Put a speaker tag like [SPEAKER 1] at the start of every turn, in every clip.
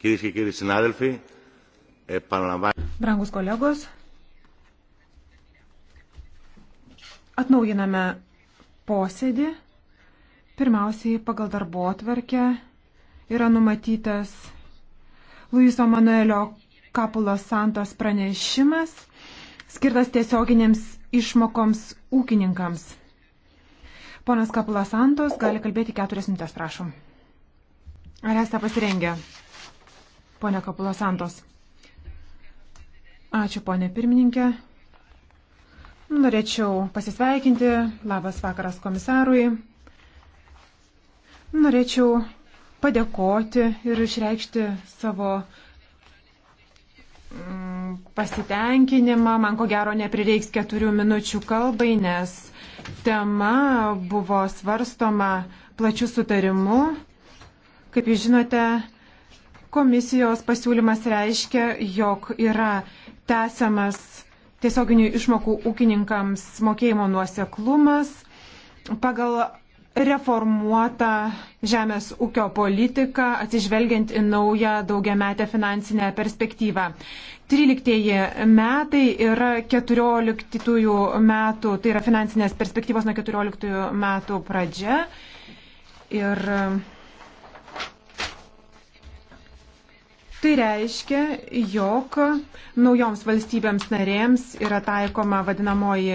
[SPEAKER 1] Κυρίες και κύριοι συνάδελφοι, επαναλαμβάνω...
[SPEAKER 2] Brangus kolegos, atnaujiname posėdį. Pirmiausiai pagal darbo atverkę yra numatytas Luiso Manuelio Kapulos Santos pranešimas, skirtas tiesioginėms išmokoms ūkininkams. Ponas Kapulas Santos gali kalbėti keturias minutės, prašom. Ar esate pasirengę? Pone Kapulo Santos. Ačiū, ponė pirmininkė. Norėčiau pasisveikinti. Labas vakaras komisarui. Norėčiau padėkoti ir išreikšti savo mm, pasitenkinimą. Man ko gero neprireiks keturių minučių kalbai, nes tema buvo svarstoma plačių sutarimų. Kaip jūs žinote, Komisijos pasiūlymas reiškia, jog yra tęsiamas tiesioginių išmokų ūkininkams mokėjimo nuoseklumas pagal reformuotą žemės ūkio politiką, atsižvelgiant į naują daugiametę finansinę perspektyvą. 13 metai yra 14 metų, tai yra finansinės perspektyvos nuo 14 metų pradžia. Ir Tai reiškia, jog naujoms valstybėms narėms yra taikoma vadinamoji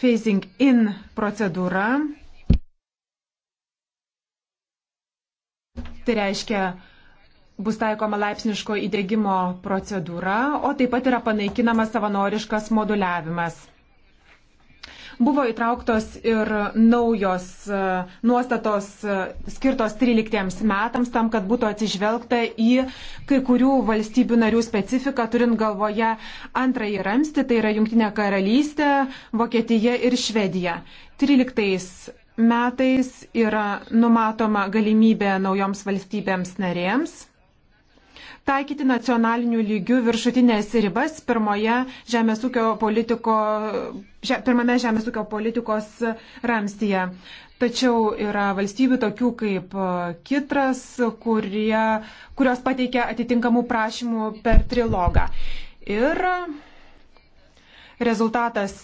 [SPEAKER 2] phasing in procedūra. Tai reiškia, bus taikoma laipsniško įdėgymo procedūra, o taip pat yra panaikinamas savanoriškas moduliavimas. Buvo įtrauktos ir naujos e, nuostatos e, skirtos 13 metams, tam, kad būtų atsižvelgta į kai kurių valstybių narių specifiką, turint galvoje antrąjį ramstį, tai yra Junktinė karalystė, Vokietija ir Švedija. 13 metais yra numatoma galimybė naujoms valstybėms narėms taikyti nacionalinių lygių viršutinės ribas pirmoje žemės ūkio politiko, že, pirmame žemės ūkio politikos ramstyje. Tačiau yra valstybių tokių kaip Kitras, kurie, kurios pateikia atitinkamų prašymų per trilogą. Ir rezultatas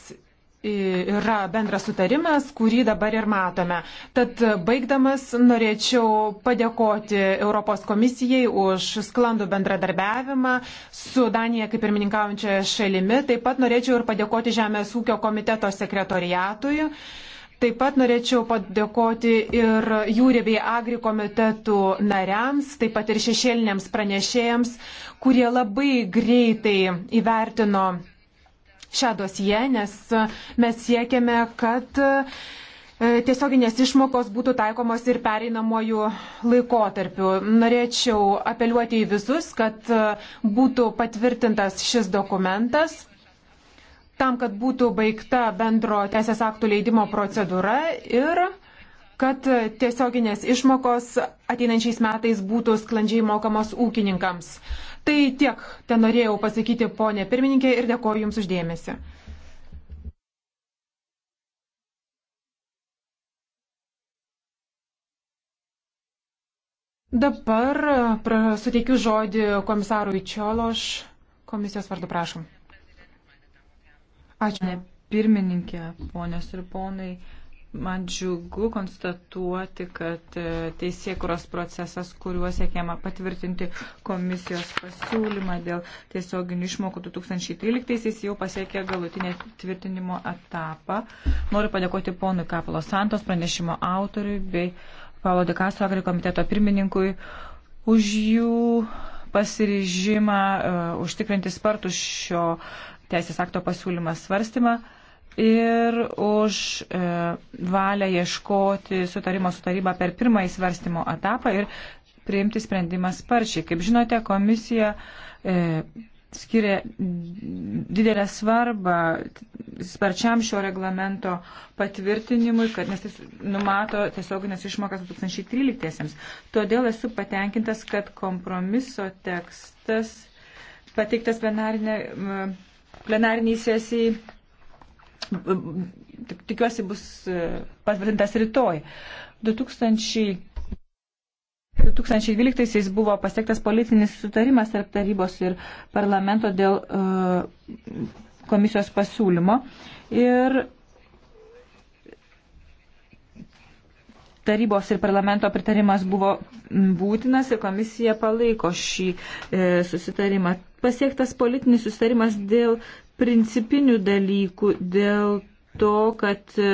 [SPEAKER 2] yra bendras sutarimas, kurį dabar ir matome. Tad baigdamas norėčiau padėkoti Europos komisijai už sklandų bendradarbiavimą su Danija kaip pirmininkaujančia šalimi. Taip pat norėčiau ir padėkoti Žemės ūkio komiteto sekretoriatui. Taip pat norėčiau padėkoti ir jūrė bei agri komitetų nariams, taip pat ir šešėliniams pranešėjams, kurie labai greitai įvertino šią dosiją, nes e, mes siekiame, kad e, tiesioginės išmokos būtų taikomos ir pereinamojų laikotarpių. Norėčiau apeliuoti į visus, kad e, būtų patvirtintas šis dokumentas tam, kad būtų baigta bendro teisės aktų leidimo procedūra ir kad tiesioginės išmokos ateinančiais metais būtų sklandžiai mokamos ūkininkams. Tai tiek ten norėjau pasakyti, ponė pirmininkė, ir dėkoju Jums uždėmesi. Dabar e, suteikiu žodį komisarui Čiološ. Komisijos vardu prašom. Ačiū. Pirmininkė,
[SPEAKER 1] ponios ir ponai. Man džiugu konstatuoti, kad e, teisėkuros procesas, kuriuo siekiama patvirtinti komisijos pasiūlymą dėl tiesioginių išmokų 2013-aisiais, jau pasiekė galutinę tvirtinimo etapą. Noriu padėkoti ponui Kapilo Santos, pranešimo autoriui bei Paulo Dikastro agri komiteto pirmininkui už jų pasiryžimą uh, užtikrinti spartų šio teisės akto pasiūlymą svarstymą. Uh, ir už e, valią ieškoti sutarimo sutarybą per pirmąjį svarstymo etapą ir priimti sprendimą sparčiai. Kaip žinote, komisija e, skiria didelę svarbą sparčiam šio reglamento patvirtinimui, kad nes jis numato tiesioginės išmokas 2013-iesiems. Todėl esu patenkintas, kad kompromiso tekstas pateiktas plenariniai sesijai tikiuosi bus e, patvirtintas rytoj. 2000 2012 buvo pasiektas politinis sutarimas tarp tarybos ir parlamento dėl uh, komisijos pasiūlymo. Ir tarybos ir parlamento pritarimas buvo būtinas ir komisija palaiko šį e, susitarimą. Pasiektas politinis susitarimas dėl principinių dalykų dėl to, kad e,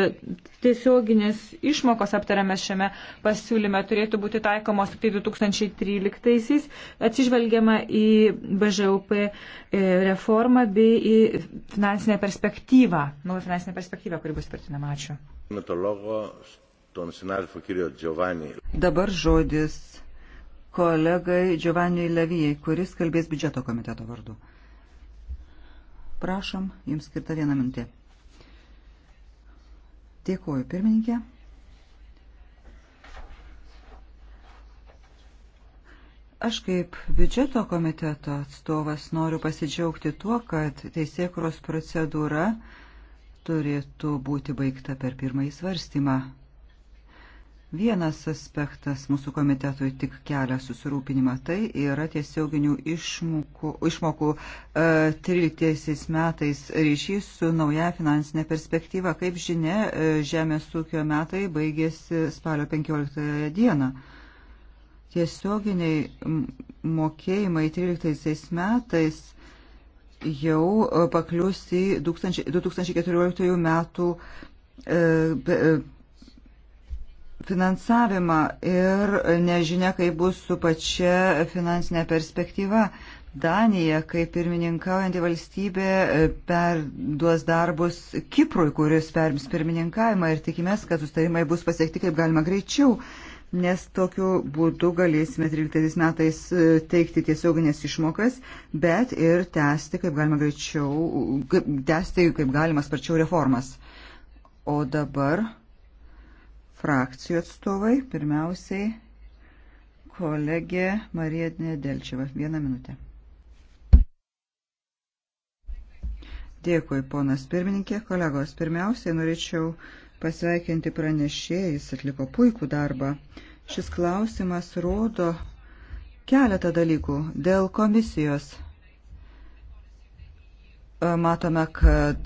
[SPEAKER 1] tiesioginės išmokos aptariame šiame pasiūlyme turėtų būti taikomos tik 2013-aisiais, tai atsižvelgiama į BŽUP e, reformą bei į finansinę perspektyvą, naują finansinę perspektyvą, kuri
[SPEAKER 3] bus tvirtinama. Ačiū. Dabar žodis kolegai Giovanniui Levijai, kuris kalbės biudžeto komiteto vardu. Prašom, jums skirta viena mintė. Dėkuoju, pirmininkė. Aš kaip biudžeto komiteto atstovas noriu pasidžiaugti tuo, kad teisėkros procedūra turėtų būti baigta per pirmąjį svarstymą. Vienas aspektas mūsų komitetui tik kelia susirūpinimą, tai yra tiesioginių išmokų, išmokų e, 13 metais ryšys su nauja finansinė perspektyva. Kaip žinia, e, žemės ūkio metai baigėsi spalio 15 dieną. Tiesioginiai mokėjimai 13 metais jau e, paklius į 2014 metų e, e finansavimą ir nežinia, kaip bus su pačia finansinė perspektyva. Danija, kaip pirmininkaujanti valstybė, perduos darbus Kiprui, kuris perims pirmininkavimą ir tikimės, kad sustarimai bus pasiekti kaip galima greičiau, nes tokiu būdu galėsime 13 metais e, teikti tiesioginės išmokas, bet ir tęsti kaip galima greičiau, tęsti kaip galima sparčiau reformas. O dabar frakcijų atstovai. Pirmiausiai kolegė Marija Nedelčiava. Vieną minutę. Dėkui, ponas pirmininkė, kolegos. Pirmiausiai norėčiau pasveikinti pranešėjai, jis atliko puikų darbą. Šis klausimas rodo keletą dalykų dėl komisijos. E, matome, kad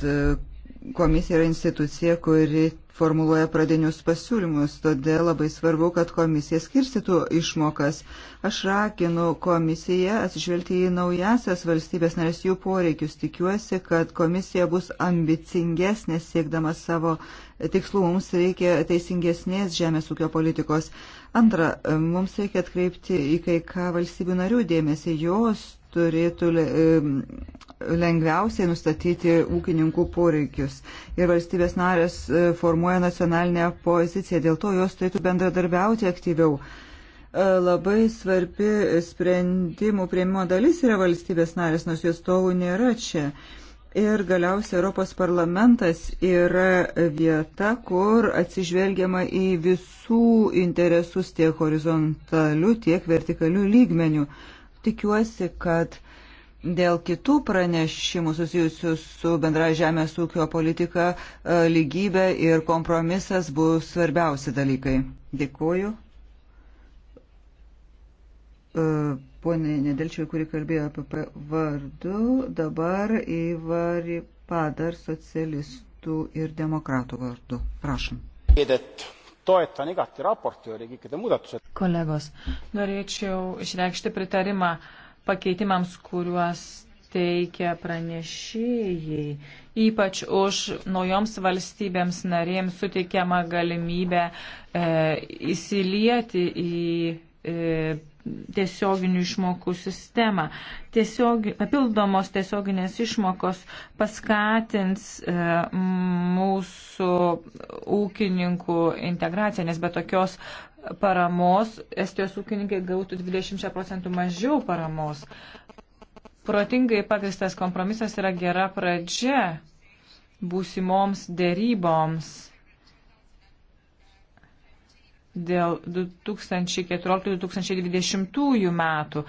[SPEAKER 3] komisija yra institucija, kuri formuluoja pradinius pasiūlymus, todėl labai svarbu, kad komisija skirstytų išmokas. Aš rakinu komisiją atsižvelgti į naujasias valstybės narės jų poreikius. Tikiuosi, kad komisija bus ambicingesnė siekdama savo tikslų. Mums reikia teisingesnės žemės ūkio politikos. Antra, mums reikia atkreipti į kai ką valstybių narių dėmesį. Jos turėtų e, lengviausiai nustatyti ūkininkų poreikius. Ir valstybės narės e, formuoja nacionalinę poziciją, dėl to jos turėtų bendradarbiauti aktyviau. E, labai svarbi sprendimų prieimimo dalis yra valstybės narės, nors jos tovų nėra čia. Ir galiausiai Europos parlamentas yra vieta, kur atsižvelgiama į visų interesus tiek horizontalių, tiek vertikalių lygmenių tikiuosi, kad dėl kitų pranešimų susijusių su bendra žemės ūkio politika, e, lygybė ir kompromisas bus svarbiausi dalykai. Dėkuoju. E, Pone Nedelčiui, kuri kalbėjo apie vardu, dabar įvari padar socialistų ir demokratų vardu. Prašom.Ėdėt toetan igati raportööri kõikide muudatused. kolegos,
[SPEAKER 1] norėčiau išreikšti pritarimą pakeitimams, kuriuos teikia pranešėjai, ypač už naujoms valstybėms narėms suteikiamą galimybę e, įsilieti į e, tiesioginių išmokų sistemą. Tiesiog, papildomos tiesioginės išmokos paskatins e, mūsų ūkininkų integraciją, nes be tokios paramos Estijos ūkininkai gautų 20 procentų mažiau paramos. Protingai pagristas kompromisas yra gera pradžia būsimoms dėryboms dėl 2014-2020 metų.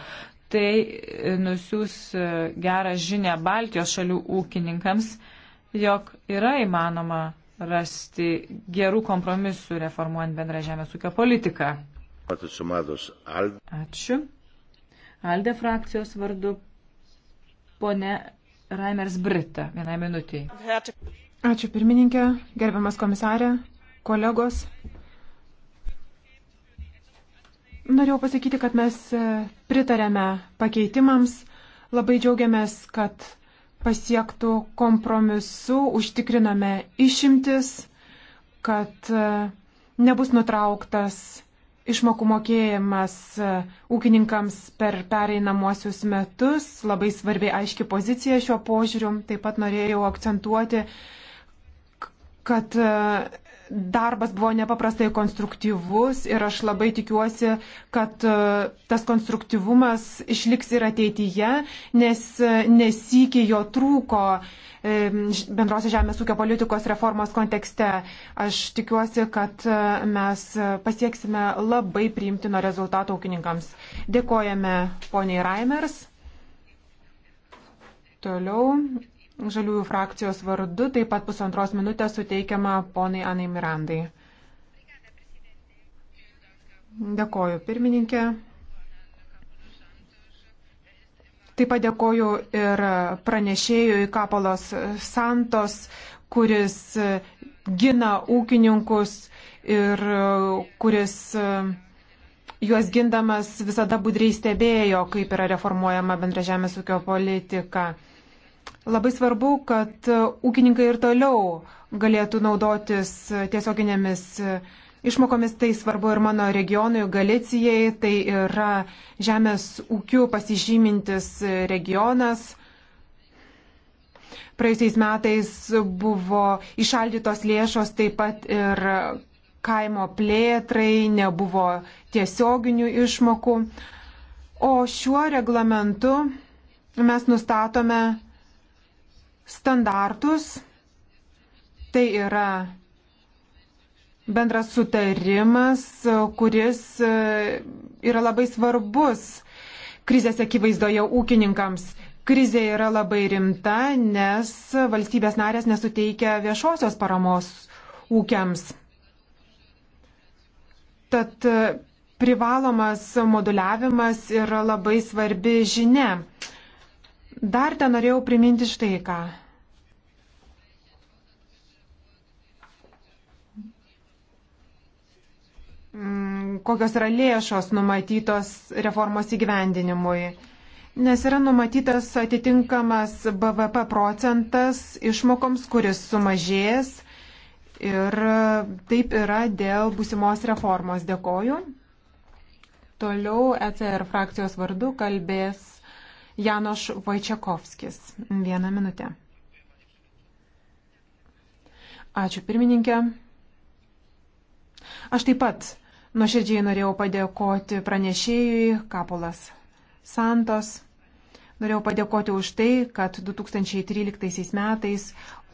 [SPEAKER 1] Tai e, nusiūs e, gerą žinę Baltijos šalių ūkininkams, jog yra įmanoma rasti gerų kompromisų reformuojant bendrą žemės ūkio politiką. Ačiū. Alde frakcijos vardu pone Raimers Brita. Vienai minutiai. Ačiū
[SPEAKER 2] pirmininkė, gerbiamas komisarė, kolegos. Norėjau pasakyti, kad mes e, pritarėme pakeitimams, labai džiaugiamės, kad pasiektų kompromisu, užtikriname išimtis, kad e, nebus nutrauktas išmokų mokėjimas e, ūkininkams per pereinamuosius metus. Labai svarbi aiški pozicija šiuo požiūriu. Taip pat norėjau akcentuoti, kad darbas buvo nepaprastai konstruktyvus ir aš labai tikiuosi, kad e, tas konstruktyvumas išliks ir ateityje, nes e, nesikį jo trūko e, bendrosios žemės ūkio politikos reformos kontekste. Aš tikiuosi, kad mes pasieksime labai priimtino rezultato ūkininkams. Dėkojame poniai Raimers. Toliau Žaliųjų frakcijos vardu taip pat pusantros minutės suteikiama ponai Anai Mirandai. Dėkoju pirmininkė. Taip pat dėkoju ir pranešėjui Kapolos Santos, kuris gina ūkininkus ir kuris juos gindamas visada budriai stebėjo, kaip yra reformuojama bendra žemės ūkio politika. Labai svarbu, kad e, ūkininkai ir toliau galėtų naudotis e, tiesioginėmis e, išmokomis. Tai svarbu ir mano regionui, Galicijai. Tai yra žemės ūkių pasižymintis regionas. Praėjusiais metais buvo išaldytos lėšos taip pat ir kaimo plėtrai, nebuvo tiesioginių išmokų. O šiuo reglamentu mes nustatome standartus. Tai yra bendras sutarimas, kuris e, yra labai svarbus krizės akivaizdoje ūkininkams. Krizė yra labai rimta, nes valstybės narės nesuteikia viešosios paramos ūkiams. Tad e, privalomas moduliavimas yra labai svarbi žinia. Dar ten norėjau priminti štai ką. Mm, kokios yra lėšos numatytos reformos įgyvendinimui. Nes yra numatytas atitinkamas BVP procentas išmokoms, kuris sumažės ir taip yra dėl būsimos reformos. Dėkoju. Toliau ECR frakcijos vardu kalbės Janoš Vaičiakovskis. Vieną minutę. Ačiū pirmininkė. Aš taip pat nuoširdžiai norėjau padėkoti pranešėjui Kapolas Santos. Norėjau padėkoti už tai, kad 2013 metais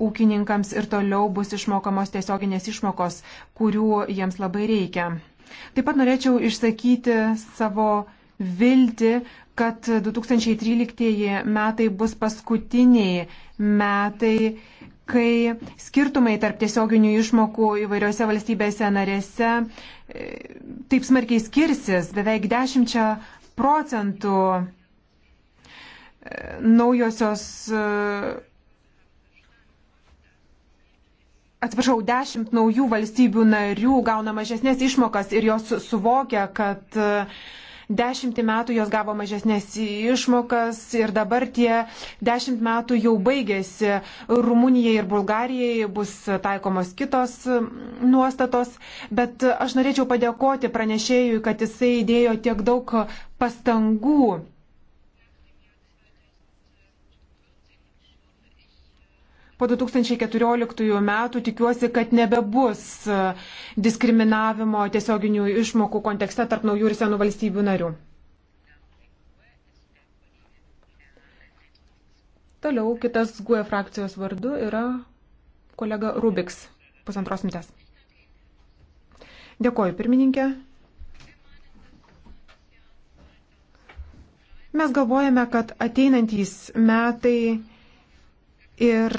[SPEAKER 2] ūkininkams ir toliau bus išmokamos tiesioginės išmokos, kurių jiems labai reikia. Taip pat norėčiau išsakyti savo viltį, kad 2013 metai bus paskutiniai metai, kai skirtumai tarp tiesioginių išmokų įvairiose valstybėse narėse e, taip smarkiai skirsis beveik 10 procentų e, naujosios e, atsiprašau, dešimt naujų valstybių narių gauna mažesnės išmokas ir jos suvokia, kad uh, Dešimtį metų jos gavo mažesnės išmokas ir dabar tie dešimt metų jau baigėsi. Rumunijai ir Bulgarijai bus taikomos kitos nuostatos, bet aš norėčiau padėkoti pranešėjui, kad jisai įdėjo tiek daug pastangų po 2014 metų tikiuosi, kad nebebus e, diskriminavimo tiesioginių išmokų kontekste tarp naujų ir senų valstybių narių. Toliau kitas GUE frakcijos vardu yra kolega Rubiks. Pusantros minutės. Dėkoju, pirmininkė. Mes galvojame, kad ateinantys metai ir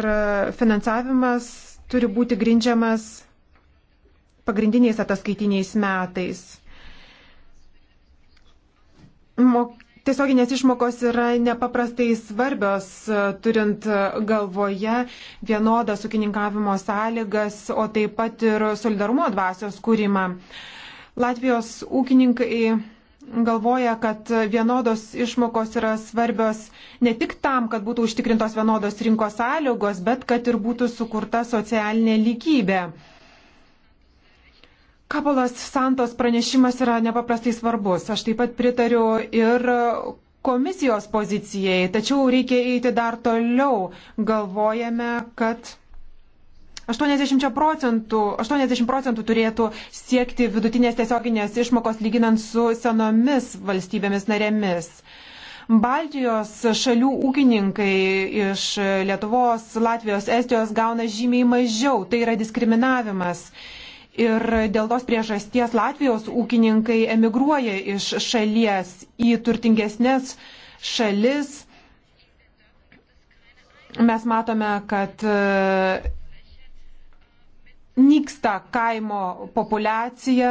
[SPEAKER 2] finansavimas turi būti grindžiamas pagrindiniais ataskaitiniais metais. Mok Tiesioginės išmokos yra nepaprastai svarbios, turint galvoje vienodas ūkininkavimo sąlygas, o taip pat ir solidarumo dvasios kūrimą. Latvijos ūkininkai galvoja, kad vienodos išmokos yra svarbios ne tik tam, kad būtų užtikrintos vienodos rinkos sąlygos, bet kad ir būtų sukurta socialinė lygybė. Kapolas Santos pranešimas yra nepaprastai svarbus. Aš taip pat pritariu ir komisijos pozicijai, tačiau reikia eiti dar toliau. Galvojame, kad 80 procentų, 80 procentų turėtų siekti vidutinės tiesioginės išmokos lyginant su senomis valstybėmis narėmis. Baltijos šalių ūkininkai iš Lietuvos, Latvijos, Estijos gauna žymiai mažiau. Tai yra diskriminavimas. Ir dėl tos priežasties Latvijos ūkininkai emigruoja iš šalies į turtingesnės šalis. Mes matome, kad nyksta kaimo populiacija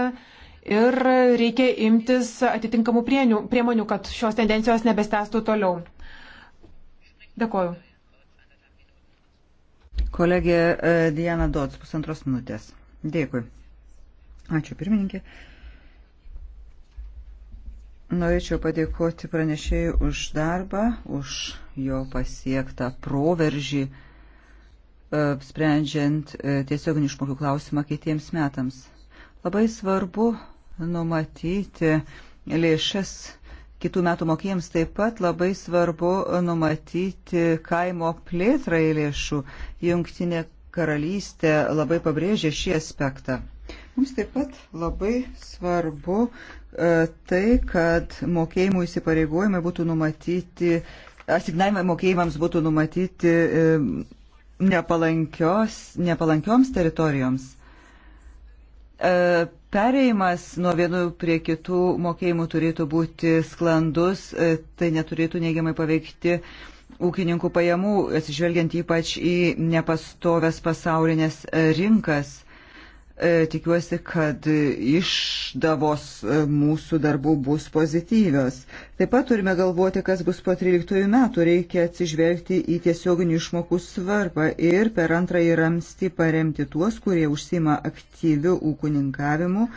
[SPEAKER 2] ir reikia imtis atitinkamų prienių, priemonių, kad šios tendencijos nebestestų toliau. Dėkoju.
[SPEAKER 3] Kolegė e, Diana Dots, pusantros minutės. Dėkui. Ačiū, pirmininkė. Norėčiau padėkoti pranešėjui už darbą, už jo pasiektą proveržį. E, sprendžiant e, tiesioginių išmokų klausimą kitiems metams. Labai svarbu numatyti lėšas kitų metų mokėjams taip pat labai svarbu numatyti kaimo plėtrai lėšų. Jungtinė karalystė labai pabrėžė šį aspektą. Mums taip pat labai svarbu e, tai, kad mokėjimų įsipareigojimai būtų numatyti, asignavimai mokėjimams būtų numatyti e, nepalankioms teritorijoms. E, Pereimas nuo vienų prie kitų mokėjimų turėtų būti sklandus, e, tai neturėtų neigiamai paveikti ūkininkų pajamų, atsižvelgiant ypač į nepastoves pasaulinės e, rinkas. E, tikiuosi, kad išdavos e, mūsų darbų bus pozityvios. Taip pat turime galvoti, kas bus po 13 metų. Reikia atsižvelgti į tiesioginių išmokų svarbą ir per antrąjį ramstį paremti tuos, kurie užsima aktyvių ūkininkavimu,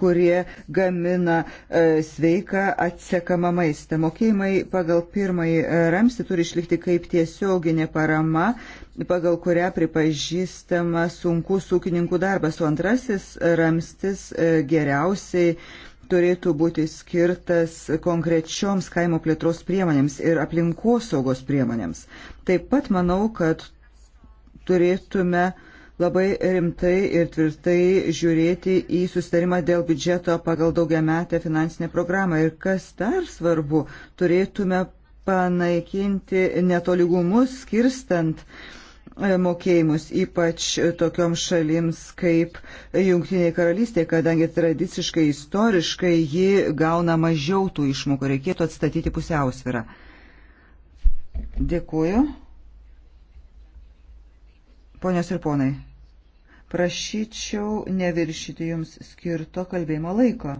[SPEAKER 3] kurie gamina e, sveiką atsekamą maistą. Mokėjimai pagal pirmąjį ramstį turi išlikti kaip tiesioginė parama pagal kurią pripažįstama sunkus ūkininkų darbas, o antrasis ramstis e, geriausiai turėtų būti skirtas konkrečioms kaimo plėtros priemonėms ir aplinkosaugos priemonėms. Taip pat manau, kad turėtume labai rimtai ir tvirtai žiūrėti į sustarimą dėl biudžeto pagal daugiametę finansinę programą. Ir kas dar svarbu, turėtume panaikinti netoligumus skirstant uh, mokėjimus, ypač tokioms šalims kaip Junktinė karalystė, kadangi tradiciškai, istoriškai ji gauna mažiau tų išmokų, reikėtų atstatyti pusiausvirą. Dėkuoju. Ponios ir ponai, prašyčiau neviršyti jums skirto kalbėjimo laiko.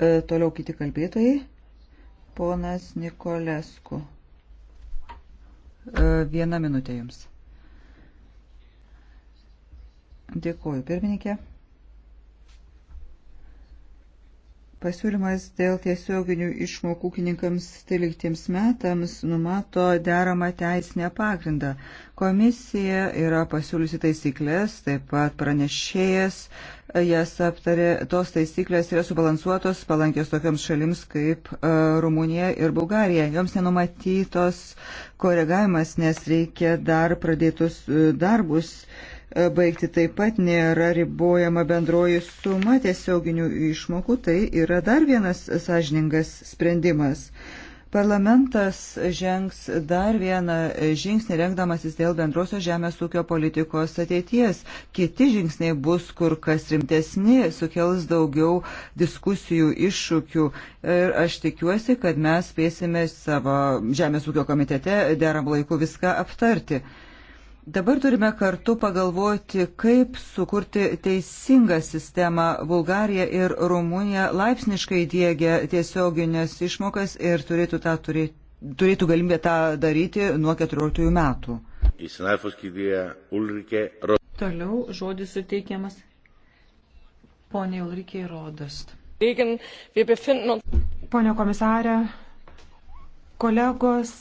[SPEAKER 3] E, toliau kiti kalbėtojai. Ponas Nikolesku. E, viena minutė jums. Dėkuoju, pirmininkė. Pasiūlymas dėl tiesioginių išmokų ūkininkams 13 metams numato deramą teisinę pagrindą. Komisija yra pasiūliusi taisyklės, taip pat pranešėjas jas aptarė. Tos taisyklės yra subalansuotos, palankios tokiams šalims kaip e, Rumunija ir Bulgarija. Joms nenumatytos koregavimas, nes reikia dar pradėtus e, darbus E, baigti. Taip pat nėra ribojama bendroji suma tiesioginių išmokų, tai yra dar vienas sąžiningas sprendimas. Parlamentas žengs dar vieną žingsnį rengdamasis dėl bendrosios žemės ūkio politikos ateities. Kiti žingsniai bus kur kas rimtesni, sukels daugiau diskusijų, iššūkių. Ir aš tikiuosi, kad mes spėsime savo žemės ūkio komitete deram laiku viską aptarti. Dabar turime kartu pagalvoti, kaip sukurti teisingą sistemą. Bulgarija ir Rumunija laipsniškai dėgia tiesioginės išmokas ir turėtų, tą, turėti, turėtų galimybę tą daryti nuo 14 metų. Toliau žodis suteikiamas poniai Ulrikiai Rodost.
[SPEAKER 2] Pone komisarė, kolegos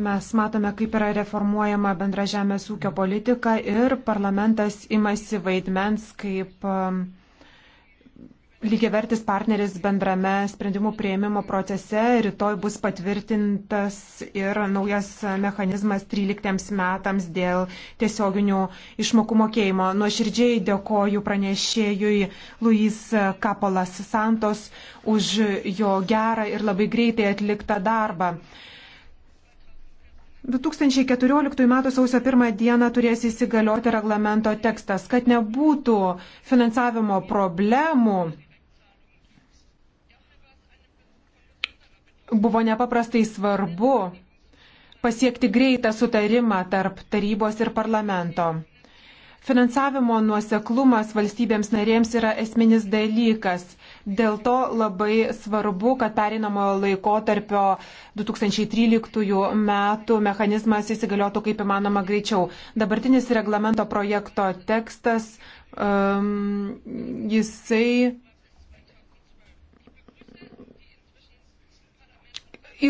[SPEAKER 2] Mes matome, kaip yra reformuojama bendra žemės ūkio politika ir parlamentas imasi vaidmens kaip um, lygiavertis partneris bendrame sprendimų prieimimo procese. Rytoj bus patvirtintas ir naujas mechanizmas 13 metams dėl tiesioginių išmokų mokėjimo. Nuoširdžiai dėkoju pranešėjui Luis Kapolas Santos už jo gerą ir labai greitai atliktą darbą. 2014 m. sausio 1 dieną turės įsigalioti reglamento tekstas, kad nebūtų finansavimo problemų. Buvo nepaprastai svarbu pasiekti greitą sutarimą tarp tarybos ir parlamento. Finansavimo nuoseklumas valstybėms narėms yra esminis dalykas Dėl to labai svarbu, kad pereinamojo laiko tarpio 2013 metų mechanizmas įsigaliotų kaip įmanoma greičiau. Dabartinis reglamento projekto tekstas, um, jisai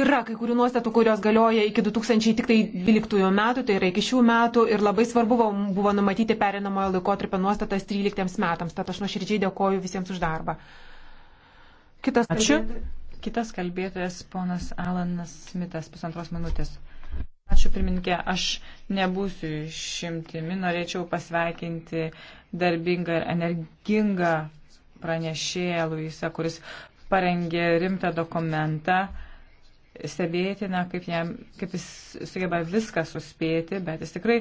[SPEAKER 2] yra kai kurių nuostatų, kurios galioja iki 2012 metų, tai yra iki šių metų ir labai svarbu buvo numatyti perinamojo laikotarpio nuostatas 13 metams. Tad aš nuoširdžiai dėkoju visiems už darbą. Kitas, kalbėt, kitas kalbėtojas, ponas Alanas
[SPEAKER 1] Smitas, pusantros minutės. Ačiū pirmininkė, aš nebūsiu išimtimi, norėčiau pasveikinti darbingą ir energingą pranešėją Luisa, kuris parengė rimtą dokumentą. Stebėtina, kaip, jam, kaip jis sugeba viską suspėti, bet jis tikrai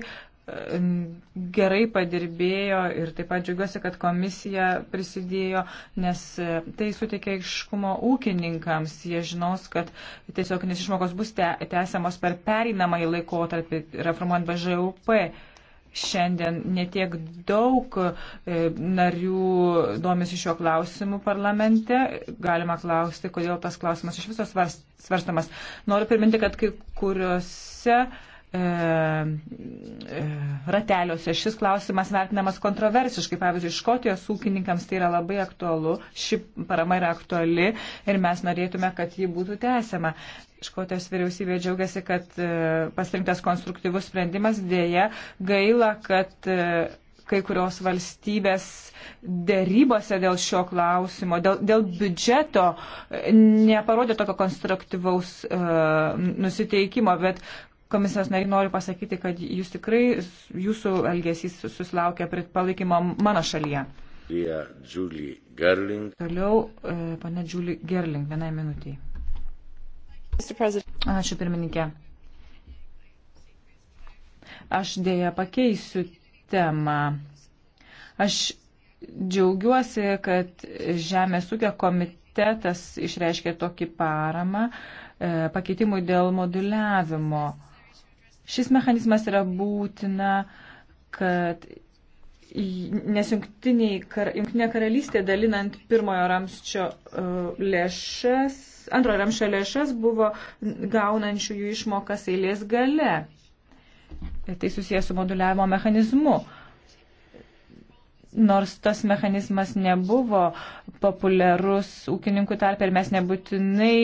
[SPEAKER 1] gerai padirbėjo ir taip pat džiugiuosi, kad komisija prisidėjo, nes e, tai suteikia iškumo ūkininkams. Jie žinos, kad tiesiog nesišmokos bus tęsiamos per pereinamąjį laikotarpį reformuojant BŽUP. Šiandien netiek daug e, narių domisi šio klausimu parlamente. Galima klausti, kodėl tas klausimas iš viso svarstamas. Noriu priminti, kad kai kuriuose E, e, rateliuose šis klausimas vertinamas kontroversiškai. Pavyzdžiui, Škotijos ūkininkams tai yra labai aktualu, ši parama yra aktuali ir mes norėtume, kad ji būtų tęsiama. Škotijos vyriausybė džiaugiasi, kad e, pasirinktas konstruktyvus sprendimas dėja gaila, kad kai kurios valstybės dėrybose dėl šio klausimo, dėl, dėl biudžeto neparodė tokio konstruktyvaus uh, nusiteikimo, bet Komisijos nariai noriu pasakyti, kad jūs tikrai, jūsų elgesys susilaukia palaikymo mano šalyje. Toliau, pane Džiulį Gerling, vienai minutiai. Ačiū pirmininkė. Aš dėja pakeisiu temą. Aš džiaugiuosi, kad Žemės ūkio komitetas išreiškė tokį paramą e, pakeitimui dėl moduliavimo. Šis mechanizmas yra būtina, kad nes kar, jungtinė karalystė dalinant pirmojo ramščio uh, e, lėšas, antrojo ramščio lėšas buvo gaunančiųjų išmokas eilės gale. Tai susijęs su moduliavimo mechanizmu. Nors tas mechanizmas nebuvo populiarus ūkininkų tarp ir mes nebūtinai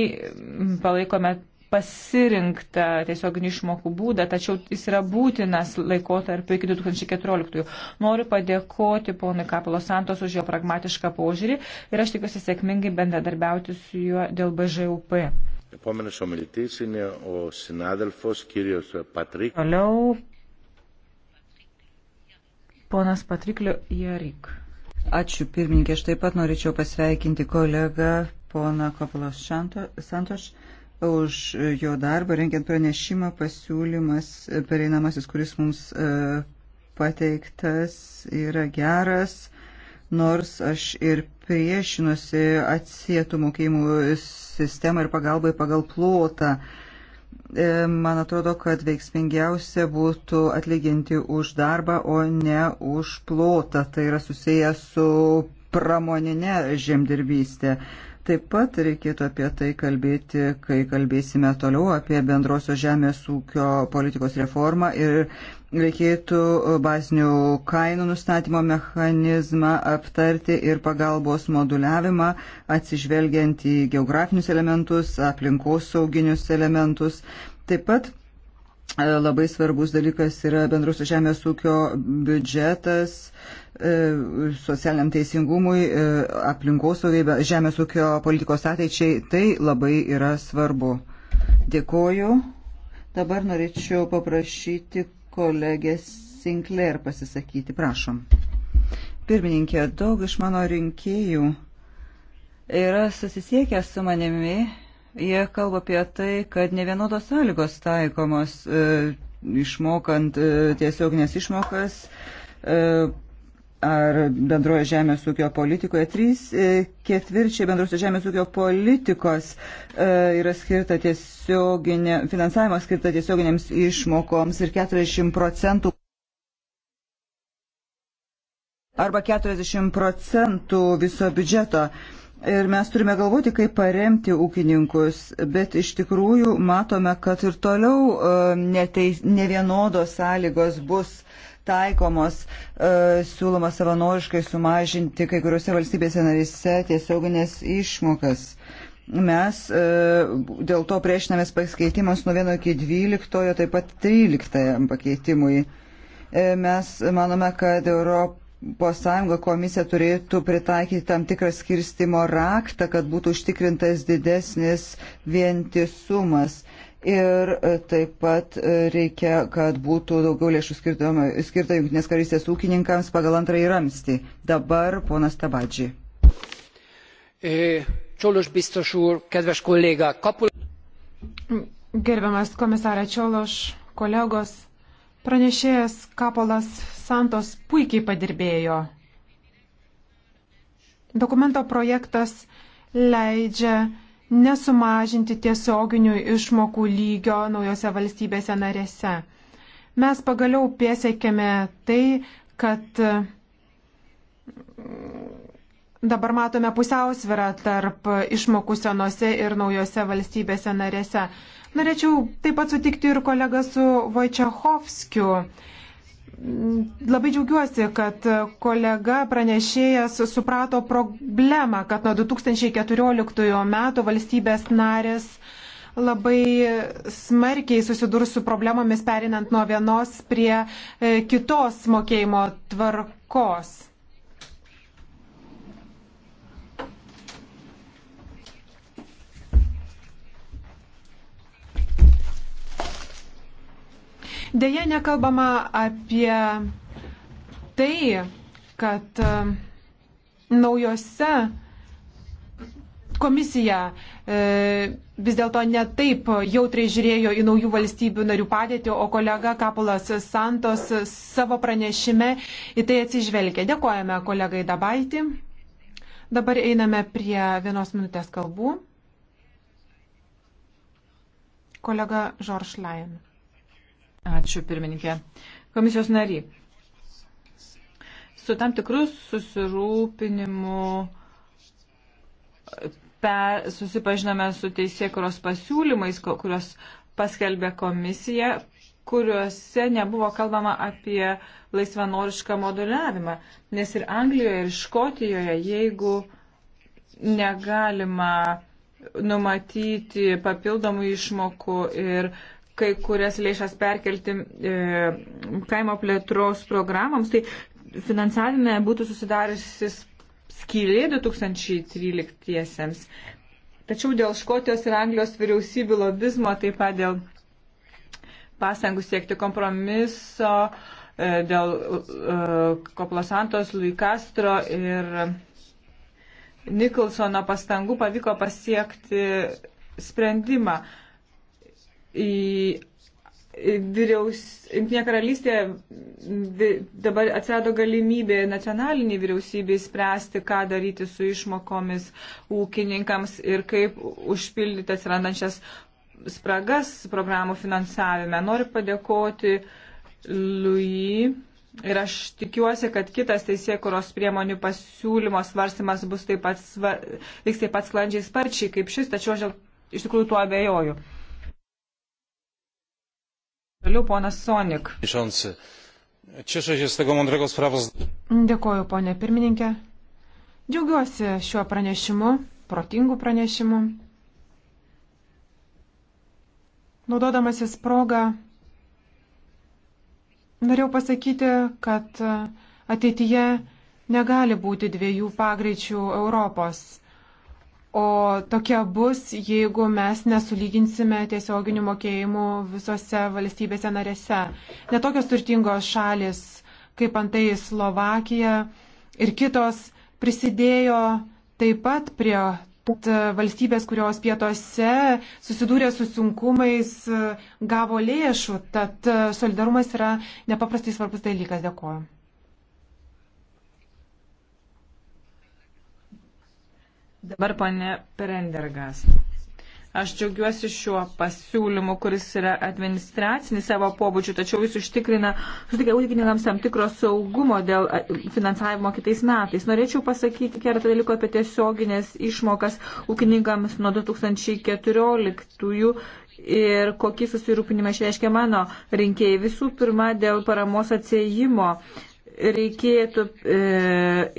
[SPEAKER 1] palaikome pasirinktą tiesioginių išmokų būdą, tačiau jis yra būtinas laikotarpiu iki 2014. Noriu padėkoti ponui Kapilo Santos už jo pragmatišką požiūrį ir aš tikiuosi sėkmingai bendradarbiauti su juo dėl BŽUP. Toliau
[SPEAKER 3] ponas Patriklio Jarik. Ačiū pirmininkė, aš taip pat norėčiau pasveikinti kolegą poną Kapalos Santoš. Santoš už jo darbą, renkiant pranešimą, pasiūlymas e, pereinamasis, kuris mums e, pateiktas, yra geras, nors aš ir priešinusi atsietų mokėjimų sistemą ir pagalbai pagal plotą e, man atrodo, kad veiksmingiausia būtų atlyginti už darbą, o ne už plotą. Tai yra susijęs su pramoninė žemdirbystė. Taip pat reikėtų apie tai kalbėti, kai kalbėsime toliau apie bendrosios žemės ūkio politikos reformą ir reikėtų bazinių kainų nustatymo mechanizmą aptarti ir pagalbos moduliavimą, atsižvelgiant į geografinius elementus, aplinkosauginius elementus. Taip pat E, labai svarbus dalykas yra bendrus žemės ūkio biudžetas e, socialiniam teisingumui, e, aplinkosaugai, žemės ūkio politikos ateičiai. Tai labai yra svarbu. Dėkoju. Dabar norėčiau paprašyti kolegės Sinclair pasisakyti. Prašom. Pirmininkė, daug iš mano rinkėjų yra susisiekę su manimi Jie kalba apie tai, kad ne vienodos sąlygos taikomos e, išmokant e, tiesioginės išmokas. E, ar bendroje žemės ūkio politikoje. Trys e, ketvirčiai bendrosios žemės ūkio politikos e, yra skirta tiesioginė, finansavimas skirta tiesioginėms išmokoms ir 40 procentų. Arba 40 procentų viso biudžeto uh, Ir mes turime galvoti, kaip paremti ūkininkus, bet iš tikrųjų matome, kad ir toliau e, neteis, nevienodos sąlygos bus taikomos, e, siūloma savanoriškai sumažinti kai kuriuose valstybėse narise tiesioginės išmokas. Mes e, dėl to priešinamės pakeitimas nuo 1 iki 12, taip pat 13 pakeitimui. Mes manome, kad Europos ES komisija turėtų pritaikyti tam tikrą skirstimo raktą, kad būtų užtikrintas didesnis vientisumas. Ir e, taip pat e, reikia, kad būtų daugiau lėšų skirta Junktinės karystės ūkininkams pagal antrąjį ramstį. Dabar ponas Tabadžiai.
[SPEAKER 2] Csolos e, biztos úr, kedves kollégák, kapul... Gerbiamas komisarė Čiološ, kolegos, Pranešėjas Kapolas Santos puikiai padirbėjo. Dokumento projektas leidžia nesumažinti tiesioginių išmokų lygio naujose valstybėse narėse. Mes pagaliau piesiekėme tai, kad mm, dabar matome pusiausvirą tarp išmokų senose ir naujose valstybėse narėse. Norėčiau taip pat sutikti ir kolegą su Vojčiachovskiu. Labai džiaugiuosi, kad kolega pranešėjas suprato problemą, kad nuo 2014 metų valstybės narės labai smarkiai susidurs su problemomis perinant nuo vienos prie e, kitos mokėjimo tvarkos. Deja, nekalbama apie tai, kad e, naujose komisija e, vis dėlto netaip jautriai žiūrėjo į naujų valstybių narių padėtį, o kolega Kapulas Santos savo pranešime į tai atsižvelgė. Dėkojame kolegai Dabaitį. Dabar einame prie vienos minutės kalbų. Kolega Žorš Lain. Ačiū, pirmininkė. Komisijos nary.
[SPEAKER 1] Su tam tikrus susirūpinimu per, susipažinome su teisėkuros pasiūlymais, kuriuos paskelbė komisija, kuriuose nebuvo kalbama apie laisvanorišką moduliavimą. Nes ir Anglijoje, ir Škotijoje, jeigu negalima numatyti papildomų išmokų ir kai kurias lėšas perkelti e, kaimo plėtros programams, tai finansavime būtų susidariusis skylė 2013-iesiems. Tačiau dėl Škotijos ir Anglijos vyriausybių lobizmo, taip pat dėl pasangų siekti kompromiso, e, dėl Koplasantos, e, Luikastro ir Nikolsono pastangų pavyko pasiekti sprendimą į vyriaus, Junktinė karalystė dabar atsirado galimybė nacionaliniai vyriausybei spręsti, ką daryti su išmokomis ūkininkams ir kaip užpildyti atsirandančias spragas programų finansavime. Noriu padėkoti Lui ir aš tikiuosi, kad kitas teisėkuros priemonių pasiūlymo svarstymas bus taip pat, sva, taip pat sklandžiai sparčiai kaip šis, tačiau aš iš tikrųjų tuo abejoju. Toliau ponas Sonik.
[SPEAKER 2] Dėkoju, ponė pirmininkė. Džiaugiuosi šiuo pranešimu, protingu pranešimu. Naudodamasis progą, norėjau pasakyti, kad ateityje negali būti dviejų pagreičių Europos O tokia bus, jeigu mes nesulyginsime tiesioginių mokėjimų visose valstybėse narėse. Netokios turtingos šalis, kaip antai Slovakija ir kitos, prisidėjo taip pat prie valstybės, kurios pietose susidūrė su sunkumais, gavo lėšų. Tad solidarumas yra nepaprastai svarbus dalykas. Dėkuoju.
[SPEAKER 1] Dabar pane Perendergast. Aš džiaugiuosi šiuo pasiūlymu, kuris yra administracinis savo pobūdžiu, tačiau jis užtikrina, užtikrina ūkininkams tam tikro saugumo dėl finansavimo kitais metais. Norėčiau pasakyti keletą dalykų apie tiesioginės išmokas ūkininkams nuo 2014-ųjų ir kokį susirūpinimą išreiškia mano rinkėjai. Visų pirma, dėl paramos atsiejimo reikėtų e,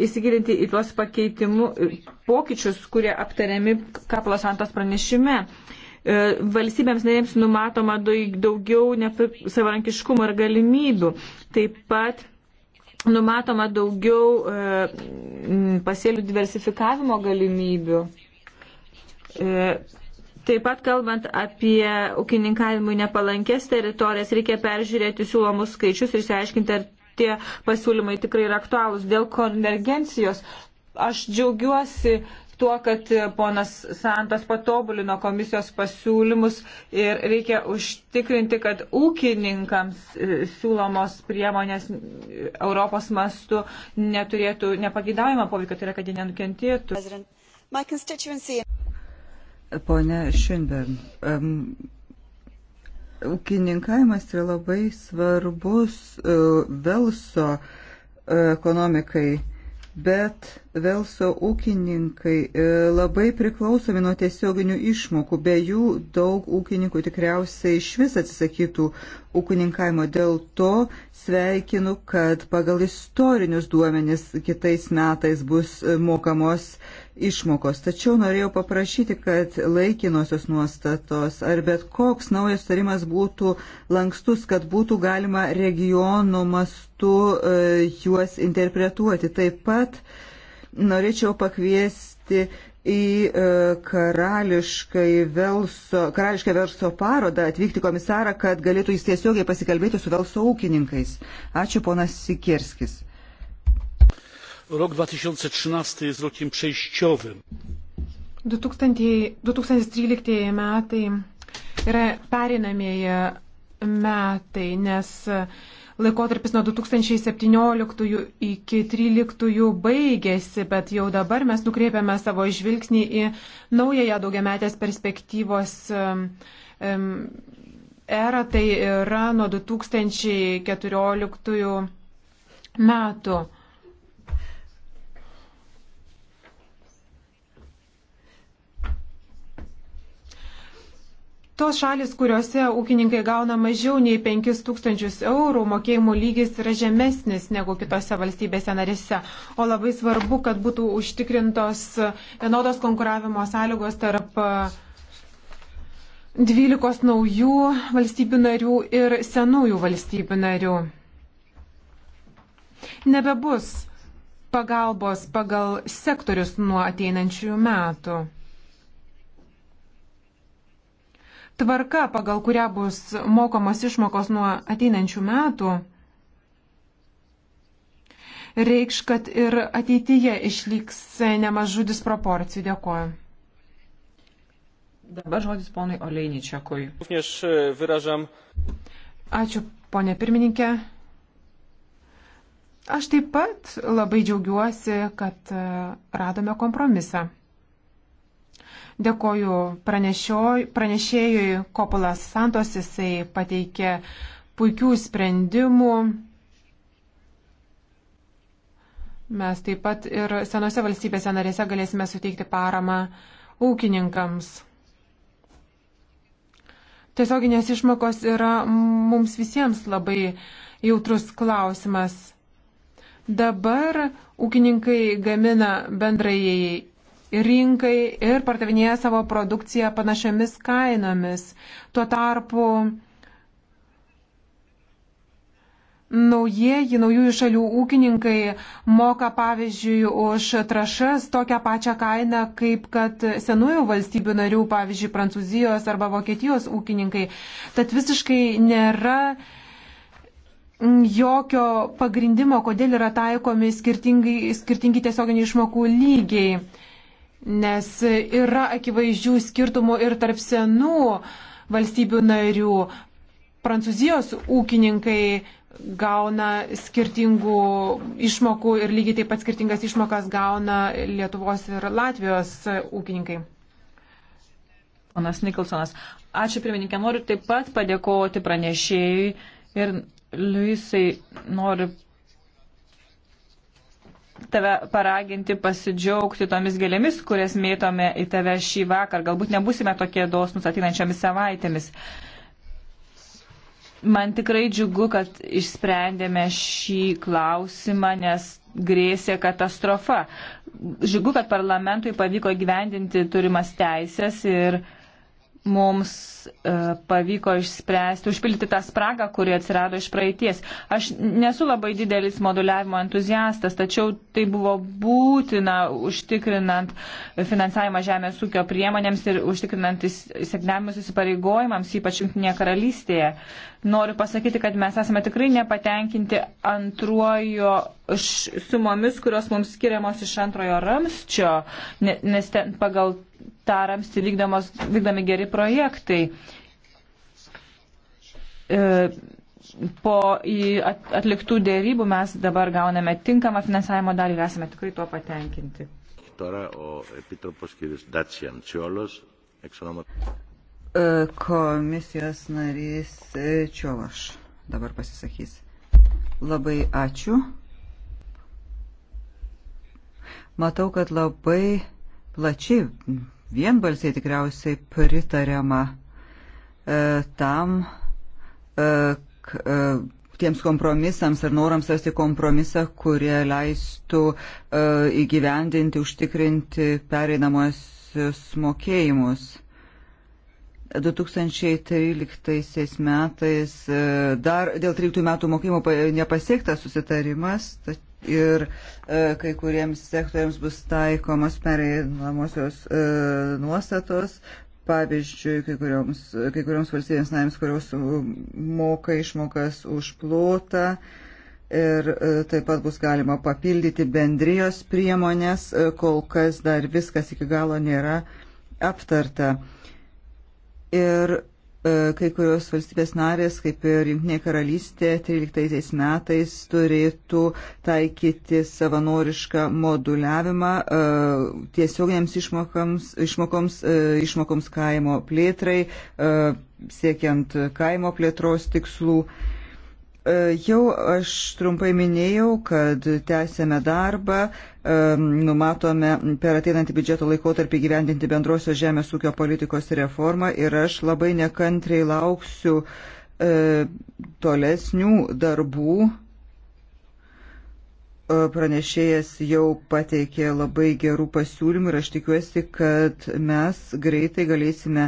[SPEAKER 1] įsigilinti į tuos pakeitimų e, pokyčius, kurie aptariami Kaplos Santos pranešime. E, valstybėms narėms numatoma daugiau savarankiškumo ir galimybių. Taip pat numatoma daugiau e, pasėlių diversifikavimo galimybių. E, Taip pat kalbant apie ūkininkavimui nepalankės teritorijas, reikia peržiūrėti siūlomus skaičius ir išsiaiškinti, ar tie pasiūlymai tikrai yra aktualūs. Dėl konvergencijos aš džiaugiuosi tuo, kad ponas Santos patobulino komisijos pasiūlymus ir reikia užtikrinti, kad ūkininkams e, siūlomos priemonės Europos mastu neturėtų nepagidaujamą poveikio, tai yra, kad jie nenukentėtų.
[SPEAKER 3] Pone Šinbern, um, Ūkininkavimas yra labai svarbus e, Velso e, ekonomikai, bet Velso ūkininkai e, labai priklausomi nuo tiesioginių išmokų, be jų daug ūkininkų tikriausiai iš vis atsisakytų ūkininkavimo. Dėl to sveikinu, kad pagal istorinius duomenis kitais metais bus mokamos išmokos. Tačiau norėjau paprašyti, kad laikinosios nuostatos ar bet koks naujas tarimas būtų lankstus, kad būtų galima regionų mastu e, juos interpretuoti. Taip pat norėčiau pakviesti į e, karališkai Velso, karališką Velso parodą atvykti komisarą, kad galėtų jis tiesiogiai pasikalbėti su Velso ūkininkais. Ačiū, ponas Sikirskis rok dwa tysiące trzynaście jest rokiem przejściowym
[SPEAKER 2] du tūkstantis tryliktieji metai yra pereinamieji metai nes laikotarpis nuo 2017 iki 2013 baigėsi, bet jau dabar mes nukreipiame savo žvilgsnį į naująją daugiametės perspektyvos erą, tai yra nuo 2014 metų. Tos šalis, kuriuose ūkininkai gauna mažiau nei 5000 eurų, mokėjimų lygis yra žemesnis negu kitose valstybėse narėse. O labai svarbu, kad būtų užtikrintos vienodos konkuravimo sąlygos tarp 12 e, naujų valstybių narių ir senųjų valstybių narių. Nebebus pagalbos pagal sektorius nuo ateinančiųjų metų. Tvarka, pagal kurią bus mokamos išmokos nuo ateinančių metų, reikš, kad ir ateityje išliks nemažų disproporcijų. Dėkuoju. Dabar žodis ponui Oleiničiakui. E, Ačiū, ponė pirmininkė. Aš taip pat labai džiaugiuosi, kad e, radome kompromisą. Dėkoju pranešėjui Kopolas Santos, jisai pateikė puikių sprendimų. Mes taip pat ir senose valstybėse narėse galėsime suteikti paramą ūkininkams. Tiesioginės išmokos yra mums visiems labai jautrus klausimas. Dabar ūkininkai gamina bendrajai rinkai ir pardavinėja savo produkciją panašiamis kainomis. Tuo tarpu naujieji, naujųjų šalių ūkininkai moka, pavyzdžiui, už trašas tokią pačią kainą, kaip kad senųjų valstybių narių, pavyzdžiui, Prancūzijos arba Vokietijos ūkininkai. Tad visiškai nėra jokio pagrindimo, kodėl yra taikomi skirtingi tiesioginiai išmokų lygiai nes yra akivaizdžių skirtumų ir tarp senų valstybių narių. Prancūzijos ūkininkai gauna skirtingų išmokų ir lygiai taip pat skirtingas išmokas gauna Lietuvos ir Latvijos ūkininkai.
[SPEAKER 1] Ponas Nikolsonas,
[SPEAKER 2] ačiū pirmininkė, noriu taip pat
[SPEAKER 1] padėkoti pranešėjui ir Luisai noriu tave paraginti pasidžiaugti tomis gėlėmis, kurias mėtome į tave šį vakar. Galbūt nebusime tokie dosnus ateinančiomis savaitėmis. Man tikrai džiugu, kad išsprendėme šį klausimą, nes grėsė katastrofa. Džiugu, kad parlamentui pavyko gyvendinti turimas teisės ir uh, mums e, pavyko išspręsti, užpildyti tą spragą, kuri atsirado iš praeities. Aš nesu labai didelis moduliavimo entuziastas, tačiau tai buvo būtina užtikrinant finansavimą žemės ūkio priemonėms ir užtikrinant įsignavimus įsipareigojimams, ypač Junktinėje karalystėje. Noriu pasakyti, kad mes esame tikrai nepatenkinti antruojo sumomis, kurios mums skiriamos iš antrojo ramščio, nes ten pagal taramsti vykdomos, vykdomi geri projektai. E, po atliktų dėrybų mes dabar gauname tinkamą finansavimo dalį ir esame tikrai tuo patenkinti.
[SPEAKER 3] Komisijos narys Čiovaš dabar pasisakys. Labai ačiū. Matau, kad labai plačiai vienbalsiai tikriausiai pritariama e, tam, e, k, e, tiems kompromisams ar norams rasti kompromisą, kurie leistų e, įgyvendinti, užtikrinti pereinamosius mokėjimus. 2013 metais e, dar dėl 13 metų mokymo nepasiektas susitarimas, tačiau ir e, kai kuriems sektoriams bus taikomos pereinamosios e, nuostatos. Pavyzdžiui, kai kurioms, kai kurioms valstybėms narėms, kurios moka išmokas už plotą ir e, taip pat bus galima papildyti bendrijos priemonės, e, kol kas dar viskas iki galo nėra aptarta. Ir E, kai kurios valstybės narės, kaip ir Junktinė karalystė, 13 metais turėtų taikyti savanorišką moduliavimą e, tiesioginiams išmokoms, išmokoms, e, išmokoms kaimo plėtrai, siekiant kaimo plėtros tikslų. E, jau aš trumpai minėjau, kad tęsėme darbą, e, numatome per ateinantį biudžeto laikotarpį gyvendinti bendrosios žemės ūkio politikos reformą ir aš labai nekantriai lauksiu e, tolesnių darbų. Pranešėjas jau pateikė labai gerų pasiūlymų ir aš tikiuosi, kad mes greitai galėsime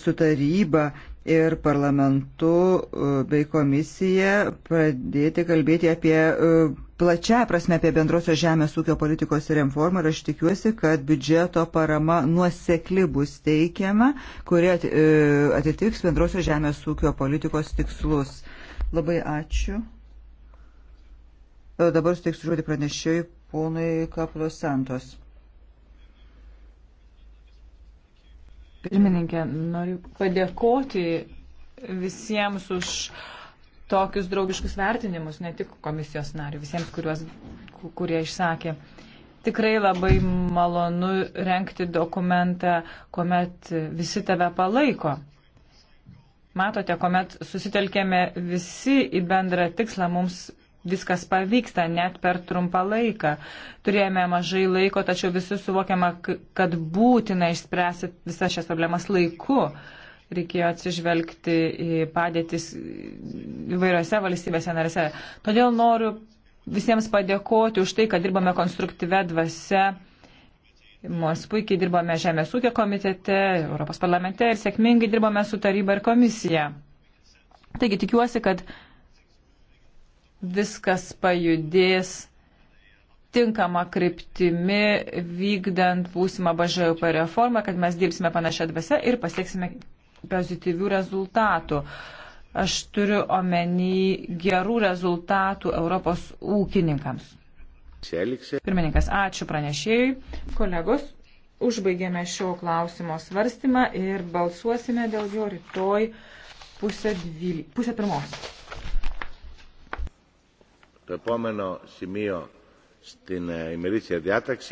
[SPEAKER 3] su taryba ir parlamentu e, bei komisija pradėti kalbėti apie e, plačia prasme apie bendrosios žemės ūkio politikos reformą ir aš tikiuosi, kad biudžeto parama nuosekli bus teikiama, kurie atitiks bendrosios žemės ūkio politikos tikslus. Labai ačiū. E, dabar suteiksiu žodį pranešėjui ponui Kaplos Santos.
[SPEAKER 1] Pirmininkė, noriu padėkoti visiems už tokius draugiškus vertinimus, ne tik komisijos narių, visiems, kuriuos, kurie išsakė. Tikrai labai malonu renkti dokumentą, kuomet visi tave palaiko. Matote, kuomet susitelkėme visi į bendrą tikslą, mums viskas pavyksta net per trumpą laiką. Turėjome mažai laiko, tačiau visi suvokiama, kad būtina išspręsti visas šias problemas laiku. Reikėjo atsižvelgti į padėtis įvairiose valstybėse narėse. Todėl noriu visiems padėkoti už tai, kad dirbame konstruktyvę dvasę. Mes puikiai dirbame Žemės ūkio komitete, Europos parlamente ir sėkmingai dirbame su taryba ir komisija. Taigi tikiuosi, kad viskas pajudės tinkama kryptimi vykdant būsimą BŽUP reformą, kad mes dirbsime panašią dvasę ir pasieksime pozityvių rezultatų. Aš turiu omeny gerų rezultatų Europos ūkininkams. Pirmininkas, ačiū pranešėjui. Kolegos, užbaigėme šio klausimo svarstymą ir balsuosime dėl jo rytoj pusę,
[SPEAKER 3] dvyl... pusę pirmos.
[SPEAKER 1] Το επόμενο σημείο στην ημερήσια διάταξη